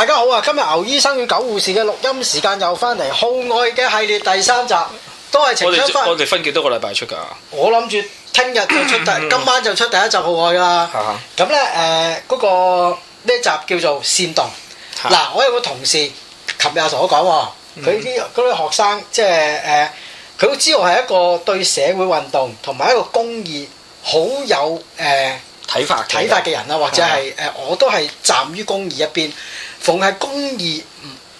大家好啊！今日牛醫生與狗護士嘅錄音時間又翻嚟，號外嘅系列第三集都係。我哋我哋分幾多個禮拜出噶？我諗住聽日就出第今晚就出第一集號外啦。咁咧，誒，嗰個呢集叫做煽動。嗱，我有個同事琴日同我講，佢啲嗰啲學生即係誒，佢都知道係一個對社會運動同埋一個公義好有誒睇法、睇法嘅人啊，或者係誒，我都係站於公義一邊。逢係公義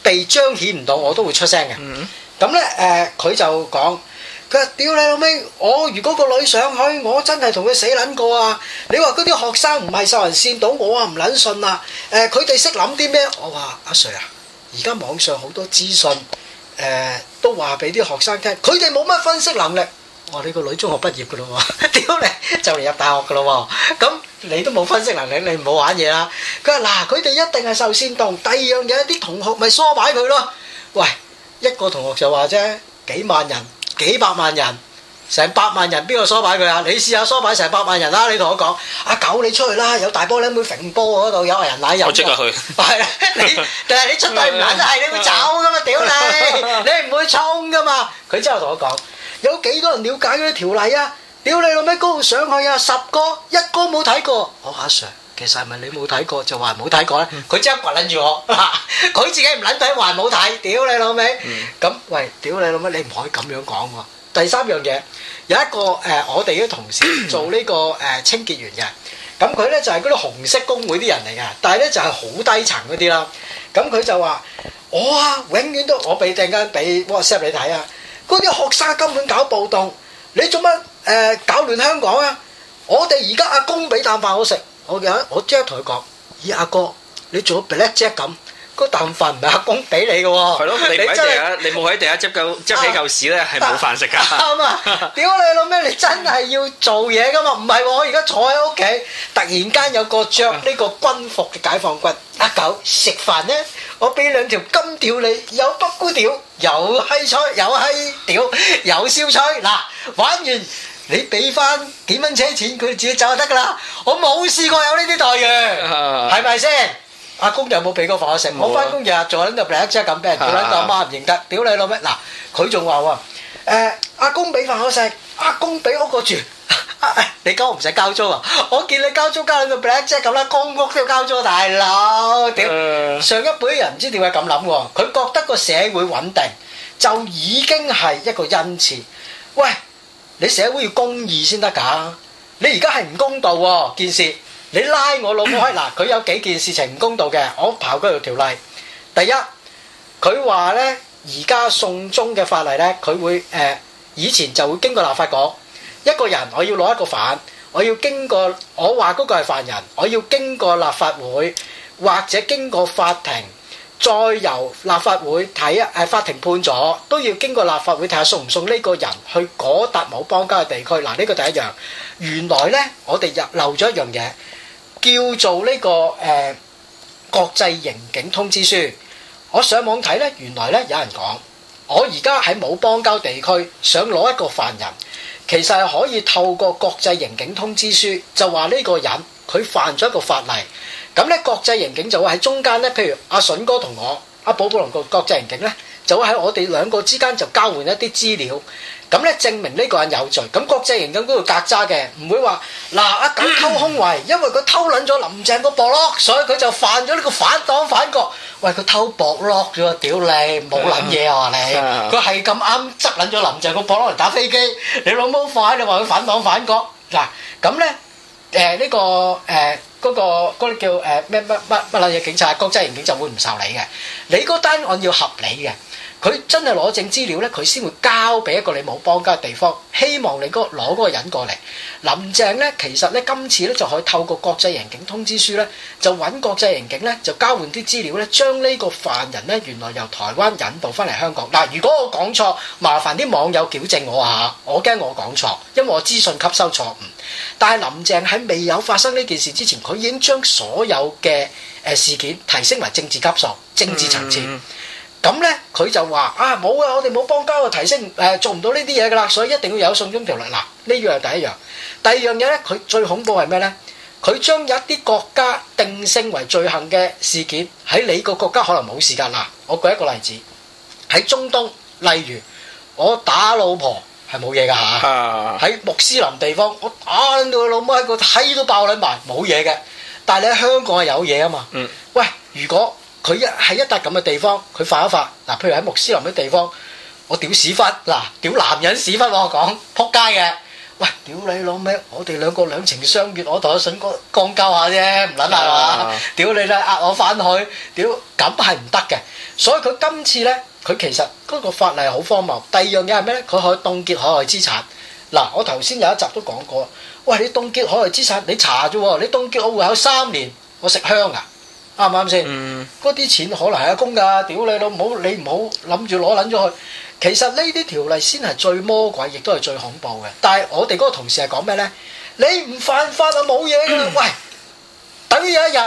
被彰顯唔到，我都會出聲嘅。咁、mm hmm. 呢，誒、呃，佢就講：佢話屌你老味！我 如果個女上去，我真係同佢死撚過啊！你話嗰啲學生唔係受人煽動我啊？唔撚信啊！佢哋識諗啲咩？我話阿 Sir 啊，而家、啊、網上好多資訊，誒，都話俾啲學生聽，佢哋冇乜分析能力。我你個女中學畢業嘅咯喎，屌你就嚟入大學嘅咯喎，咁你都冇分析能力，你唔好玩嘢啦。佢話嗱，佢哋一定係受煽動，第二樣嘢啲同學咪梳擺佢咯。喂，一個同學就話啫，幾萬人、幾百萬人、成百萬人邊個梳擺佢啊？你試下梳擺成百萬人啦！你同我講，阿狗你出去啦，有大波你會揈波嗰度，有藝人奶油。我即刻去。係啊，但係你出去唔肯係，你會走噶嘛？屌你，你唔會衝噶嘛？佢之後同我講。有幾多人了解嗰啲條例啊？屌你老味高上去啊！十個一個冇睇過。我阿 sir，其實係咪你冇睇過就話冇睇過咧？佢即刻諗住我嗱，佢自己唔諗睇話冇睇。屌你老味，咁喂，屌你老味，你唔可以咁樣講喎。第三樣嘢有一個誒，我哋啲同事做呢個誒清潔員嘅，咁佢咧就係嗰啲紅色工會啲人嚟嘅，但係咧就係好低層嗰啲啦。咁佢就話我啊，永遠都我俾陣間俾 WhatsApp 你睇啊。嗰啲學生根本搞暴動，你做乜誒搞亂香港啊？我哋而家阿公俾啖飯好食，我而家我即刻同佢講：「咦，阿哥，你做 budget 咁？嗰啖飯唔係阿公俾你嘅喎。係咯，你唔喺地下，你冇喺地下執嚿執起嚿屎咧，係冇飯食㗎。啱啊！屌你老咩！你真係要做嘢㗎嘛？唔係喎，我而家坐喺屋企，突然間有個著呢個軍服嘅解放軍阿狗食飯咧。我俾兩條金屌你，有北菇屌，有閪菜，有閪屌，有燒菜。嗱，玩完你俾翻幾蚊車錢，佢自己走就得噶啦。我冇試過有呢啲待遇，係咪先？阿公有冇俾過飯我食？我翻工日坐喺度，劈一隻咁俾人，跳甩個阿媽唔認得，屌你老咩？嗱，佢仲話喎，誒，阿公俾飯我食，阿公俾屋個住。哎、你交唔使交租啊？我見你交租交到 black 姐咁啦，公屋都要交租，大佬屌！Uh，上一輩人唔知點解咁諗㗎，佢覺得個社會穩定就已經係一個恩賜。喂，你社會要公義先得噶，你而家係唔公道喎、啊、件事。你拉我老母開嗱，佢 有幾件事情唔公道嘅，我刨條條例。第一，佢話咧而家送中嘅法例咧，佢會誒、呃、以前就會經過立法講。一個人，我要攞一個犯，我要經過我話嗰個係犯人，我要經過立法會或者經過法庭，再由立法會睇啊，法庭判咗都要經過立法會睇下送唔送呢個人去嗰笪冇邦交嘅地區。嗱、啊，呢、呢個第一樣，原來呢，我哋又漏咗一樣嘢，叫做呢、呢個誒、呃、國際刑警通知書。我上網睇呢，原來呢，有人講，我而家喺冇邦交地區想攞一個犯人。其實係可以透過國際刑警通知書，就話呢個人佢犯咗一個法例。咁咧，國際刑警就會喺中間咧，譬如阿、啊、筍哥同我，阿、啊、寶寶龍個國際刑警咧，就會喺我哋兩個之間就交換一啲資料。咁咧證明呢個人有罪，咁國際刑警嗰度格揸嘅，唔會話嗱阿狗偷胸圍，因為佢偷撚咗林鄭個博洛克，所以佢就犯咗呢個反黨反國。喂，佢偷博洛克咗，屌你冇諗嘢啊你！佢係咁啱執撚咗林鄭個博洛克嚟打飛機，你攞冇快，你話佢反黨反國？嗱咁咧誒呢個誒嗰個嗰啲叫誒咩乜乜乜乜嘢警察？國際刑警就會唔受理嘅，你嗰單案要合理嘅。佢真係攞正資料咧，佢先會交俾一個你冇邦交嘅地方，希望你攞、那、嗰、個、個人過嚟。林鄭咧，其實咧今次咧就可以透過國際刑警通知書咧，就揾國際刑警咧就交換啲資料咧，將呢個犯人咧原來由台灣引渡翻嚟香港。嗱、啊，如果我講錯，麻煩啲網友矯正我吓，我驚我講錯，因為我資訊吸收錯誤。但係林鄭喺未有發生呢件事之前，佢已經將所有嘅誒、呃、事件提升為政治級數、政治層次。嗯咁咧，佢就話啊，冇啊，我哋冇幫交啊，提升誒、呃、做唔到呢啲嘢噶啦，所以一定要有送中條例。嗱，呢樣係第一樣，第二樣嘢咧，佢最恐怖係咩咧？佢將有一啲國家定性為罪行嘅事件喺你個國家可能冇事㗎。嗱，我舉一個例子喺中東，例如我打老婆係冇嘢㗎嚇。喺、啊、穆斯林地方，我打到個老母喺個睇都爆你埋冇嘢嘅，但係你喺香港係有嘢啊嘛。嗯，喂，如果佢一喺一笪咁嘅地方，佢發一發嗱，譬如喺穆斯林嘅地方，我屌屎忽嗱，屌男人屎忽我講，撲街嘅，喂屌你老咩！我哋兩個兩情相悅，我同阿筍哥講交下啫，唔撚係嘛？屌你啦，呃我翻去，屌咁係唔得嘅。所以佢今次咧，佢其實嗰個法例係好荒謬。第二樣嘢係咩咧？佢可以凍結海外資產。嗱，我頭先有一集都講過，喂你凍結海外資產，你查啫喎！你凍結我戶口三年，我食香啊！啱唔啱先？嗰啲錢可能係阿公㗎，屌你老母！你唔好諗住攞撚咗去。其實呢啲條例先係最魔鬼，亦都係最恐怖嘅。但係我哋嗰個同事係講咩咧？你唔犯法就冇嘢㗎啦。喂，等於有一日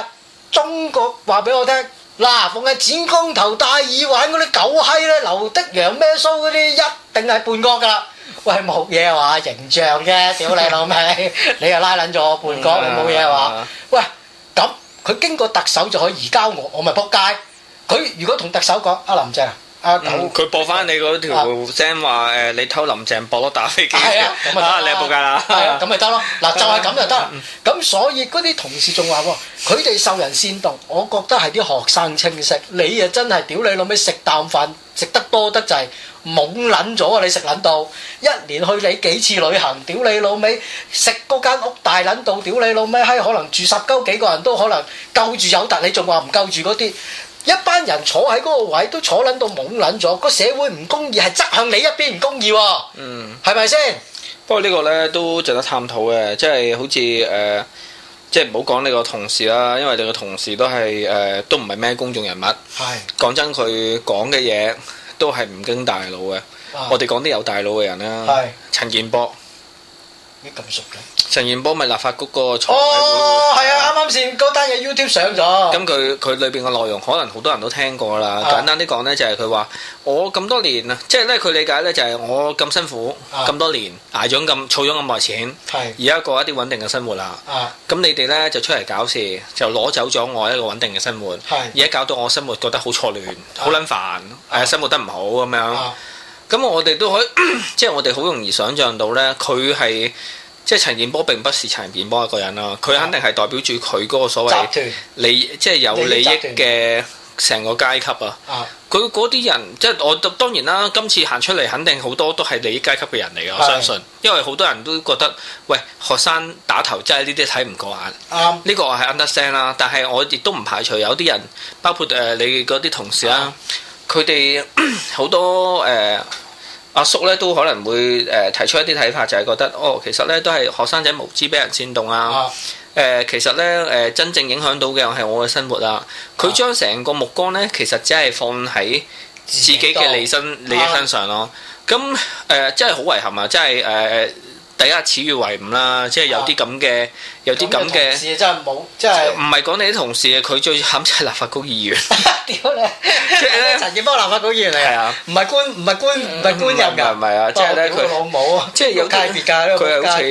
中國話俾我聽，嗱，逢係剪光頭戴耳環嗰啲狗閪咧，留的羊咩須嗰啲，一定係叛國㗎啦。喂，冇嘢話形象啫，屌你老味！你又拉撚咗我叛國，你冇嘢話。喂！佢經過特首就可以移交我，我咪撲街。佢如果同特首講阿林鄭，佢播翻你嗰條聲話誒，你偷林鄭博碌打飛機，咁咪得啦。你撲街啦，咁咪得咯。嗱就係咁就得。咁所以嗰啲同事仲話喎，佢哋受人煽動，我覺得係啲學生清晰。你誒真係屌你老味，食啖飯食得多得滯。懵撚咗啊！你食撚到，一年去你幾次旅行？屌你老味？食嗰間屋大撚到，屌你老味？閪、哎、可能住十鳩幾個人都可能夠住有突，你仲話唔夠住嗰啲？一班人坐喺嗰個位都坐撚到懵撚咗，個社會唔公義係側向你一邊唔公義喎。嗯，係咪先？不過個呢個咧都值得探討嘅，即係好似誒、呃，即係唔好講呢個同事啦，因為你個同事都係誒、呃、都唔係咩公眾人物。係講唉真，佢講嘅嘢。都係唔經大腦嘅，啊、我哋講啲有大腦嘅人啦。係陳建波，你咁熟嘅？陳健波咪立法局個財委會？係啊，啱啱先嗰單嘢 YouTube 上咗。咁佢佢裏邊嘅內容可能好多人都聽過啦。簡單啲講咧，就係佢話我咁多年啊，即係咧佢理解咧，就係我咁辛苦咁多年捱咗咁儲咗咁耐錢，而家過一啲穩定嘅生活啦。咁你哋咧就出嚟搞事，就攞走咗我一個穩定嘅生活，而家搞到我生活覺得好錯亂，好撚煩，誒生活得唔好咁樣。咁我哋都可以，即係我哋好容易想像到咧，佢係。即係陳建波並不是陳建波一個人啦，佢肯定係代表住佢嗰個所謂利，團即係有利益嘅成個階級啊。佢嗰啲人即係我當然啦，今次行出嚟肯定好多都係利益階級嘅人嚟嘅，是我相信。因為好多人都覺得，喂，學生打頭真係呢啲睇唔過眼。啱、嗯，呢個我係 understand 啦。但係我亦都唔排除有啲人，包括誒、呃、你嗰啲同事啦，佢哋好多誒。呃阿叔咧都可能會誒、呃、提出一啲睇法，就係覺得哦，其實咧都係學生仔無知，俾人煽動啊！誒、啊呃，其實咧誒、呃，真正影響到嘅係我嘅生活啊！佢將成個目光咧，其實只係放喺自己嘅利身利益、啊、身上咯。咁、呃、誒，真係好遺憾啊！真係誒。呃第一始予為誤啦，即係有啲咁嘅，有啲咁嘅，事真係冇，即係唔係講你啲同事佢最慘就係立法局議員。即係咧，陳健波立法局議員嚟啊！唔係官，唔係官，唔係官人㗎。唔係啊！即係咧，佢老母啊！即係有界別㗎，佢好似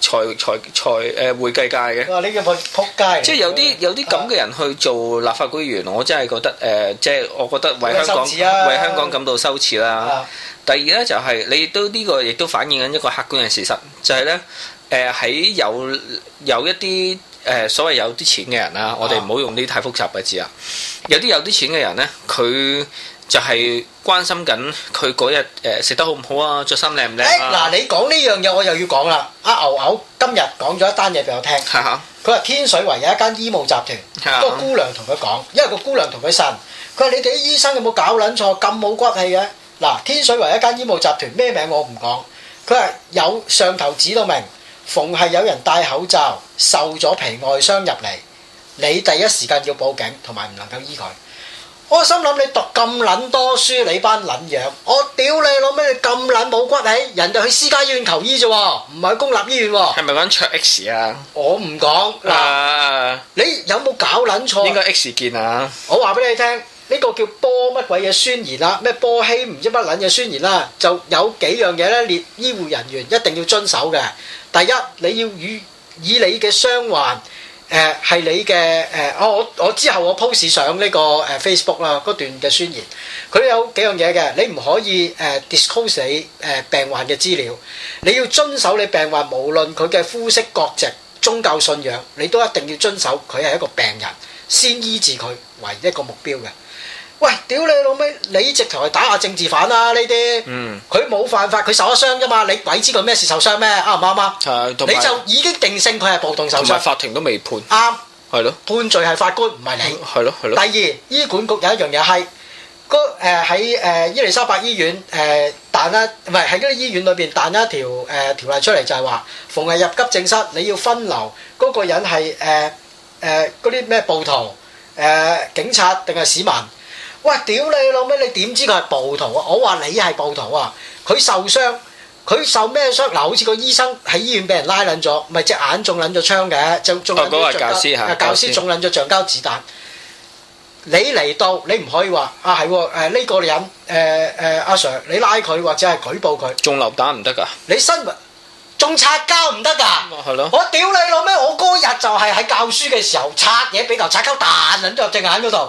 誒財財財誒會計界嘅。哇！你叫佢仆街！即係有啲有啲咁嘅人去做立法局議員，我真係覺得誒，即係我覺得為香港為香港感到羞恥啦。第二咧就係、是、你都呢、這個亦都反映緊一個客觀嘅事實，就係咧誒喺有有一啲誒、呃、所謂有啲錢嘅人啦，啊、我哋唔好用啲太複雜嘅字啊。有啲有啲錢嘅人咧，佢就係關心緊佢嗰日誒食得好唔好啊，着衫靚唔靚，嗱，你講呢樣嘢，我又要講啦。阿、啊、牛牛今日講咗一單嘢俾我聽，佢話、啊、天水圍有一間醫務集團，啊、個姑娘同佢講，因為個姑娘同佢呻，佢話你哋啲醫生有冇搞撚錯，咁冇骨氣嘅。嗱，天水圍一間醫務集團咩名我唔講，佢係有上頭指到明，逢係有人戴口罩受咗皮外傷入嚟，你第一時間要報警，同埋唔能夠醫佢。我心諗，你讀咁撚多書，你班撚樣，我屌你老咩你咁撚冇骨氣，人哋去私家醫院求醫咋，唔係去公立醫院啊。係咪搵桌 X 啊？我唔講嗱，uh, 你有冇搞撚錯？應該 X 見啊！我話俾你聽。呢個叫波乜鬼嘢宣言啦，咩波希唔知乜撚嘅宣言啦，就有幾樣嘢咧列醫護人員一定要遵守嘅。第一，你要與以，以你嘅傷患，誒、呃、係你嘅誒、呃，我我之後我 post 上呢、這個誒、呃、Facebook 啦，嗰段嘅宣言，佢都有幾樣嘢嘅，你唔可以誒、呃、disclose 你誒、呃、病患嘅資料，你要遵守你病患無論佢嘅膚色、國籍、宗教信仰，你都一定要遵守，佢係一個病人先醫治佢為一個目標嘅。喂，屌你老味，你直頭係打下政治犯啦呢啲。佢冇、嗯、犯法，佢受咗傷啫嘛。你鬼知佢咩事受傷咩？啱唔啱啊？有你就已經定性佢係暴動受傷，法庭都未判啱，係咯對的判罪係法官唔係你，係咯係咯。第二，醫管局有一樣嘢係個喺誒伊麗莎白醫院伊利沙伯醫院誒彈一唔係喺啲醫院裏邊彈一條誒、呃、條例出嚟，就係話逢係入急症室你要分流嗰，那個人係誒誒嗰啲咩暴徒誒警察定係市民。喂，屌你老味，你點知佢係暴徒啊？我話你係暴徒啊！佢受傷，佢受咩傷？嗱，好似個醫生喺醫院俾人拉撚咗，咪隻眼中撚咗槍嘅，就仲有教師教師中撚咗橡膠子彈。你嚟到，你唔可以話啊，係喎，呢個人，誒誒阿 Sir，你拉佢或者係舉報佢。中流彈唔得噶。你身，仲拆膠唔得噶。係咯。我屌你老味，我嗰日就係喺教書嘅時候拆嘢俾嚿拆膠彈撚咗隻眼嗰度。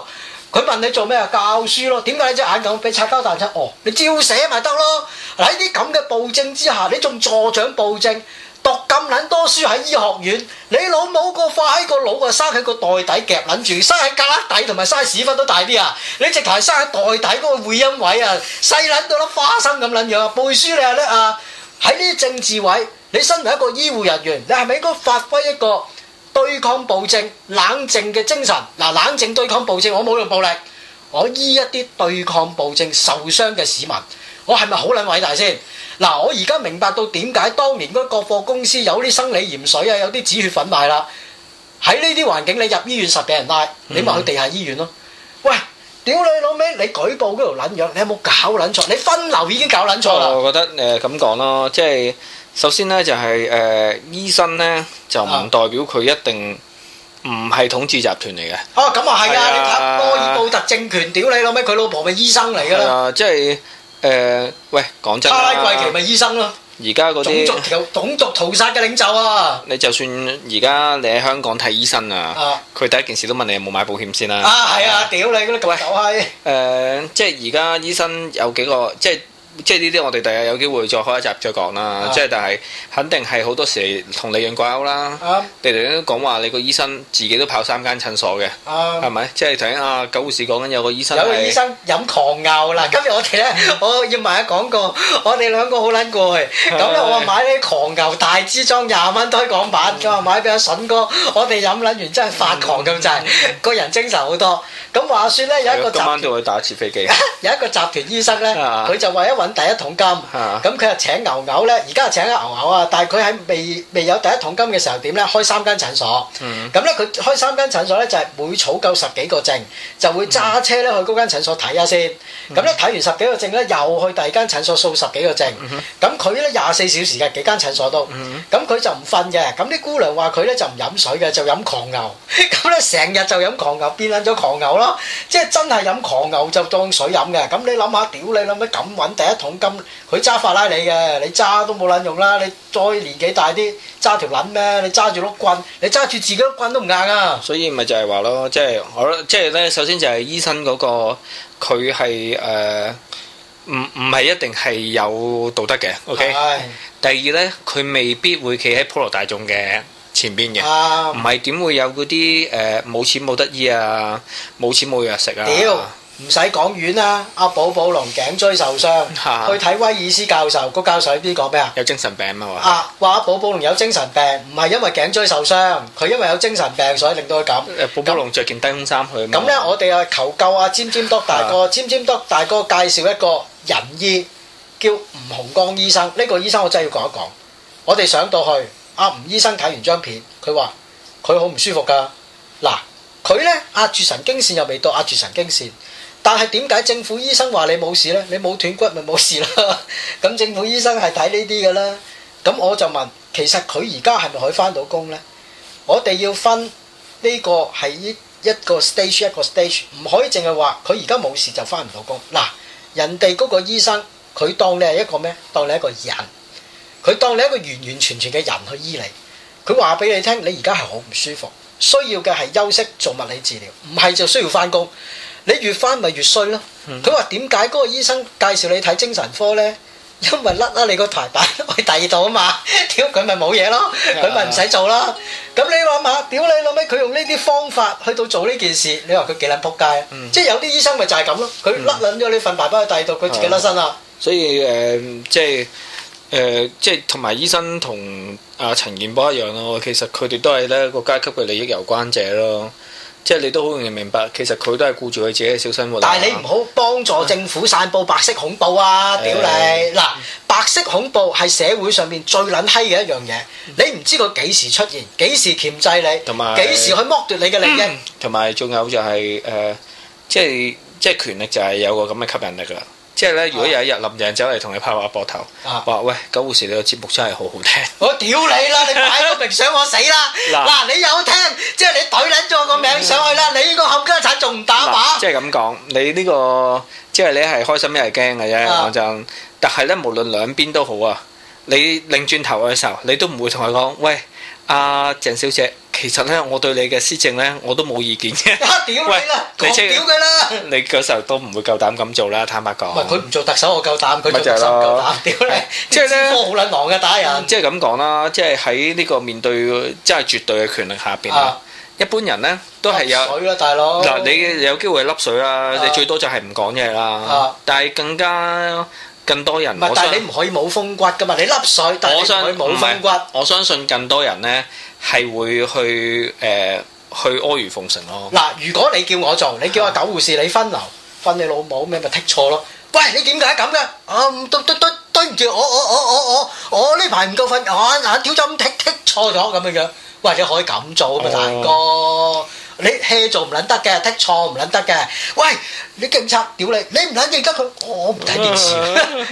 佢問你做咩啊？教書咯。點解你隻眼咁？俾擦膠彈出哦！你照寫咪得咯。喺啲咁嘅暴政之下，你仲助長暴政，讀咁撚多書喺醫學院，你老母個化喺個腦啊，生喺個袋底夾撚住，生喺隔底同埋生屎忽都大啲啊！你直頭生喺袋底嗰個會陰位啊，細撚到粒花生咁撚樣啊！背書你係叻啊！喺呢啲政治位，你身為一個醫護人員，你係咪應該發揮一個？對抗暴政，冷靜嘅精神，嗱、啊、冷靜對抗暴政，我冇用暴力，我醫一啲對抗暴政受傷嘅市民，我係咪好捻偉大先？嗱、啊，我而家明白到點解當年嗰個百貨公司有啲生理鹽水啊，有啲止血粉賣啦。喺呢啲環境，你入醫院實俾人拉，你咪去地下醫院咯、啊。嗯、喂，屌你老味，你舉報嗰條捻樣，你有冇搞捻錯？你分流已經搞捻錯啦。我覺得誒咁講咯，即係。首先咧就係誒醫生咧就唔代表佢一定唔係統治集團嚟嘅。哦咁啊係啊，你睇波爾布特政權屌你老味，佢老婆咪醫生嚟噶。啊即係誒喂講真。卡拉季奇咪醫生咯。而家嗰。種族有種族屠殺嘅領袖啊！你就算而家你喺香港睇醫生啊，佢第一件事都問你有冇買保險先啦。啊係啊，屌你嗰啲咁啊，就係。誒即係而家醫生有幾個即係。即係呢啲，我哋第日有機會再開一集再講、啊、啦。即係、啊，但係肯定係好多時同利潤掛鈎啦。哋哋都講話，你個醫生自己都跑三間診所嘅，係咪、啊？即係頭先啊，九護士講緊有個醫生、就係，有個醫生飲狂牛啦。今日我哋咧，我要買一個廣告，我哋兩個好撚攰。咁、啊、我話買啲狂牛大支裝廿蚊推廣版。咁啊、嗯、買俾阿筍哥。我哋飲撚完真係發狂咁滯，嗯嗯、個人精神好多。咁話說咧，有一個集團今晚都會打一次飛機。 有一個集團醫生咧，佢就為一第一桶金，咁佢又請牛牛咧，而家請咗牛牛啊！但係佢喺未未有第一桶金嘅時候點咧？開三間診所，咁咧佢開三間診所咧就係每儲夠十幾個證就會揸車咧去嗰間診所睇下先，咁咧睇完十幾個證咧又去第二間診所數十幾個證，咁佢咧廿四小時嘅幾間診所都，咁佢就唔瞓嘅，咁啲姑娘話佢咧就唔飲水嘅，就飲狂牛，咁咧成日就飲狂牛變緊咗狂牛咯，即係真係飲狂牛就當水飲嘅，咁你諗下，屌你諗乜咁揾第一？桶金，佢揸法拉利嘅，你揸都冇撚用啦！你再年紀大啲，揸條撚咩？你揸住碌棍，你揸住自己碌棍都唔硬啊！所以咪就係話咯，即係我即係咧，首先就係醫生嗰個，佢係誒唔唔係一定係有道德嘅，OK？ 第二咧，佢未必會企喺普羅大眾嘅前邊嘅，唔係點會有嗰啲誒冇錢冇得醫啊，冇錢冇藥食啊！哎唔使講遠啦，阿寶寶龍頸椎受傷，去睇威爾斯教授。個教授喺邊講咩啊？有精神病啊嘛？話話寶寶龍有精神病，唔係因為頸椎受傷，佢因為有精神病，所以令到佢咁。寶寶龍着件低胸衫去。咁咧，我哋啊求救阿尖尖督大哥，尖尖督大哥介紹一個仁醫，叫吳洪剛醫生。呢個醫生我真係要講一講。我哋上到去，阿吳醫生睇完張片，佢話佢好唔舒服㗎。嗱，佢咧壓住神經線又未到，壓住神經線。但係點解政府醫生話你冇事呢？你冇斷骨咪冇事啦。咁政府醫生係睇呢啲嘅啦。咁我就問，其實佢而家係咪可以翻到工呢？我哋要分呢個係一一個 stage 一個 stage，唔可以淨係話佢而家冇事就翻唔到工。嗱，人哋嗰個醫生佢當你係一個咩？當你係一個人，佢當你係一個完完全全嘅人去醫你。佢話俾你聽，你而家係好唔舒服，需要嘅係休息做物理治療，唔係就需要翻工。你越翻咪越衰咯！佢話點解嗰個醫生介紹你睇精神科呢？因為甩啦你個台板去第二度啊嘛！屌佢咪冇嘢咯，佢咪唔使做啦！咁、啊、你諗下，屌你老咩？佢用呢啲方法去到做呢件事，你話佢幾撚撲街？嗯、即係有啲醫生咪就係咁咯，佢甩撚咗你份台板去第二度，佢、嗯、自己甩身啦、嗯。所以誒、呃，即係誒、呃，即係同埋醫生同阿陳健波一樣咯。其實佢哋都係呢個階級嘅利益有關者咯。即係你都好容易明白，其實佢都係顧住佢自己嘅小生活。但係你唔好幫助政府散佈白色恐怖啊！屌你嗱，白色恐怖係社會上面最撚閪嘅一樣嘢，你唔知佢幾時出現，幾時鉗制你，幾時去剝奪你嘅利益。同埋、嗯，仲有，有就係、係、誒，即係即係權力就係有個咁嘅吸引力㗎啦。即係咧，如果有一日是的 林鄭走嚟同你拍下膊頭，話是的 喂，九護士你個節目真係好好聽。我屌你啦，你擺到明想我死啦！嗱， 你有聽？即係你隊捻咗我個名上去啦，你呢個冚家鏟仲唔打靶？即係咁講，你呢、這個即係、就是、你係開心咩係驚嘅啫，講真。但係咧，無論兩邊都好啊，你擰轉頭嘅時候，你都唔會同佢講喂。阿、啊、鄭小姐，其實咧，我對你嘅施政咧，我都冇意見嘅。嚇、啊！屌喂你啦，你知啦。你嗰時候都唔會夠膽咁做啦，坦白講。佢唔做特首，我夠膽；佢做特首，唔夠膽。屌 你、啊，即係咧，好多好撚狼嘅打人。即係咁講啦，即係喺呢個面對即係絕對嘅權力下邊啦，啊、一般人咧都係有。水啦，大佬。嗱，你有機會係甩水啦，啊、你最多就係唔講嘢啦。啊、但係更加。更多人，不想但係你唔可以冇風骨噶嘛，我想你甩水，但係你唔可以冇風骨。我相信更多人咧係會去誒、呃、去阿諛奉承咯。嗱，如果你叫我做，你叫阿狗護士，你分流分你老母咩咪剔錯咯？喂，你點解咁嘅？啊，對對對對唔住，我我我我我我呢排唔夠瞓，眼眼條針踢剔錯咗咁樣樣。喂，你可以咁做啊，大哥。哦你 hea 做唔撚得嘅，踢錯唔撚得嘅。喂，你警察屌你，你唔撚認得佢，我唔睇電視。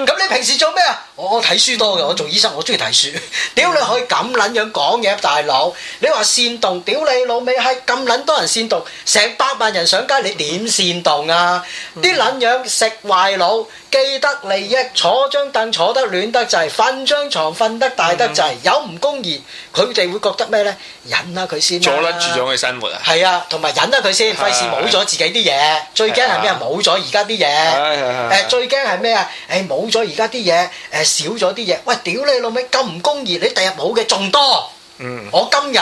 咁你平時做咩啊？我睇書多嘅，我做醫生，我中意睇書。屌你，可以咁撚樣講嘢，大佬。你話煽動，屌你老味，係咁撚多人煽動，成百萬人上街，你點煽動啊？啲撚樣食壞腦，既得利益，坐張凳坐得暖得滯，瞓張牀瞓得大得滯，有唔公義，佢哋會覺得咩咧？忍下佢先。阻撚住咗佢生活啊！係啊！同埋忍得、啊、佢先，費事冇咗自己啲嘢。最驚係咩？冇咗而家啲嘢。誒，最驚係咩啊？誒，冇咗而家啲嘢，誒少咗啲嘢。喂，屌你老味，咁唔公義，你第日冇嘅仲多。嗯，我今日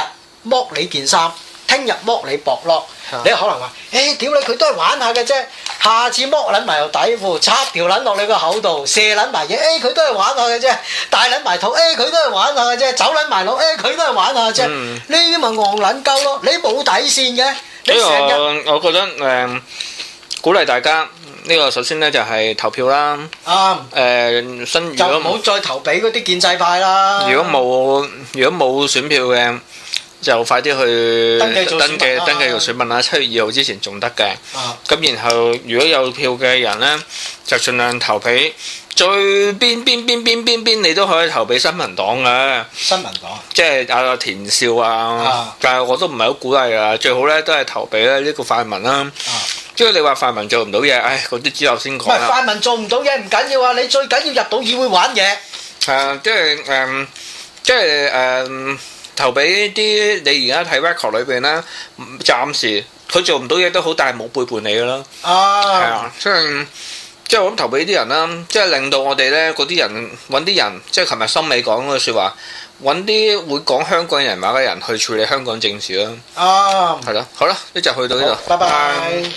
剝你件衫。聽日剝你薄落，你可能話，屌你，佢都係玩下嘅啫。下次剝撚埋條底褲，插條撚落你個口度，射撚埋嘢，誒佢都係玩下嘅啫。大撚埋肚，誒佢都係玩下嘅啫。走撚埋路，誒佢都係玩下嘅啫。呢啲咪戇撚鳩咯？你冇底線嘅，你成日～呢個我覺得誒鼓勵大家呢個首先咧就係投票啦。啱。誒新如果唔好再投俾嗰啲建制派啦。如果冇，如果冇選票嘅。就快啲去登記、啊、登記入選問下，七、啊啊、月二號之前仲得嘅。咁、啊、然後如果有票嘅人呢，就盡量投俾最邊邊邊邊邊邊，你都可以投俾新民黨嘅。新民黨即係阿田少啊，啊但係我都唔係好鼓勵啊。最好呢都係投俾咧呢個泛民啦、啊。啊、即係你話泛民做唔到嘢，唉，嗰啲之後先講啦。泛民做唔到嘢唔緊要啊，你最緊要入到議會玩嘢。誒、啊，即係誒、嗯，即係誒。嗯嗯投俾啲你而家睇 record 裏邊咧，暫時佢做唔到嘢都好，但係冇背叛你噶啦。啊，係啊，即係即係我諗投俾啲人啦，即係令到我哋咧嗰啲人揾啲人，即係琴日心理講嗰句説話，揾啲會講香港人話嘅人去處理香港政事啦。啱，係咯，好啦，呢集去到呢度，拜拜。